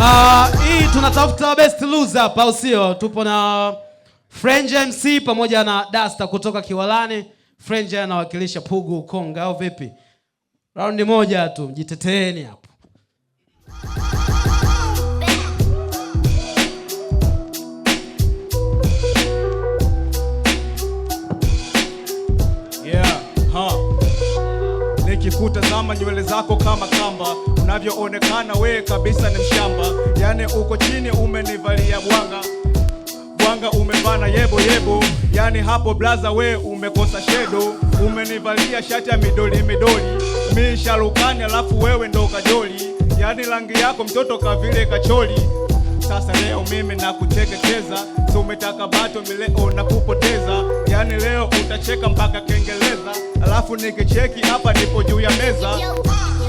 Uh, hii tunatafuta best loser hapa, au sio? Tupo na French MC pamoja na dasta kutoka Kiwalani. French anawakilisha Pugu Konga au vipi? Raundi moja tu, jiteteeni hapo. Nikikutazama nywele zako kama kamba, unavyoonekana wewe kabisa ni mshamba. Yani uko chini, umenivalia bwanga bwanga, umevana yebo yebo. Yani hapo blaza, we umekosa shedo, umenivalia shati ya midoli midoli, mi sharukani alafu wewe ndo kajoli. Yani rangi yako mtoto kavile kacholi sasa leo mimi nakuteketeza, si umetaka bato mile na kupoteza. Yani leo utacheka mpaka kengeleza, alafu nikicheki hapa nipo juu ya meza.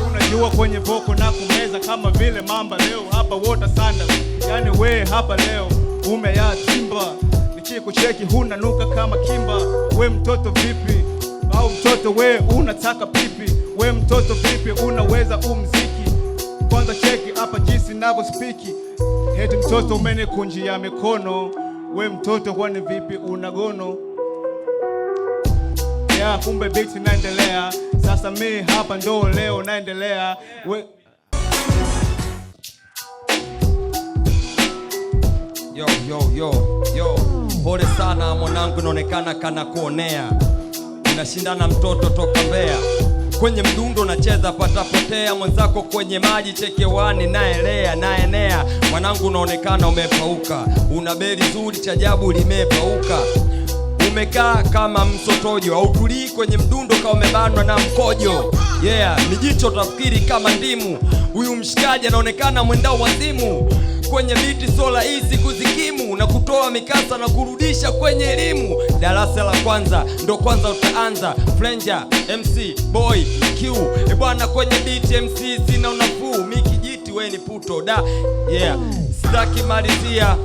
Unajua kwenye voko na kumeza kama vile mamba leo hapa water sana, yani we hapa leo umeyatimba, nichikucheki hunanuka kama kimba. We mtoto vipi? Au mtoto we unataka pipi? We mtoto vipi, unaweza umziki kwanza cheki hapa jinsi ninavyospiki, heti mtoto umenikunjia mikono, we mtoto kwani vipi unagono? Yeah, kumbe biti naendelea sasa, mi hapa ndo leo naendelea we... Yo, yo, yo, yo. Pole sana mwanangu, inaonekana kana kuonea, unashindana mtoto toka mbea kwenye mdundo nacheza patapotea, mwenzako kwenye maji chekewani naelea naenea. Mwanangu unaonekana umepauka, una beli zuri chajabu limepauka umekaa kama msotojo, hautulii kwenye mdundo kama umebanwa na mkojo. Yeah, ni jicho kama ndimu. Huyu mshikaji anaonekana mwendao wazimu kwenye biti sio rahisi kuzikimu na kutoa mikasa na kurudisha kwenye elimu. Darasa la kwanza ndo kwanza utaanza Flenja MC boy Q e bwana, kwenye biti MC zina unafuu, mikijiti we ni puto da yeah, malizia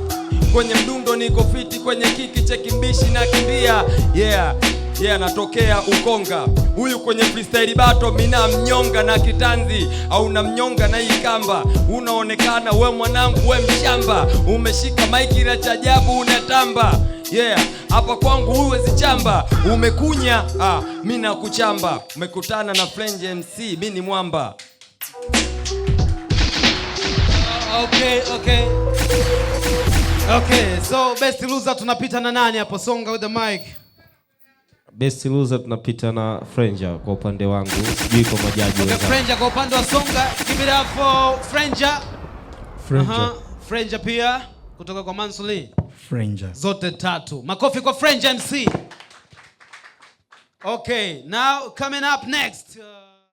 kwenye mdundo, niko fiti kwenye kiki, cheki mbishi na kimbia yeah. yeah, natokea Ukonga huyu kwenye freestyle bato, mina mnyonga na kitanzi au na mnyonga na hii kamba, unaonekana we mwanangu, we mshamba, umeshika maiki la chajabu unatamba yeah. Hapa kwangu huwezi chamba, umekunya ah, mi nakuchamba, umekutana na French MC, mi ni mwamba. Ah, okay, okay. Okay, so best loser tunapita na nani hapo? Songa with the mic. Best loser tunapita na Frenja kwa upande wangu, sijui kwa majaji wenzangu. Okay, Frenja kwa upande wa Songa, give it up for Frenja. Frenja. Uh-huh. Frenja pia kutoka kwa Mansuli. Frenja. Zote tatu. Makofi kwa Frenja MC. Okay, now coming up next. Uh...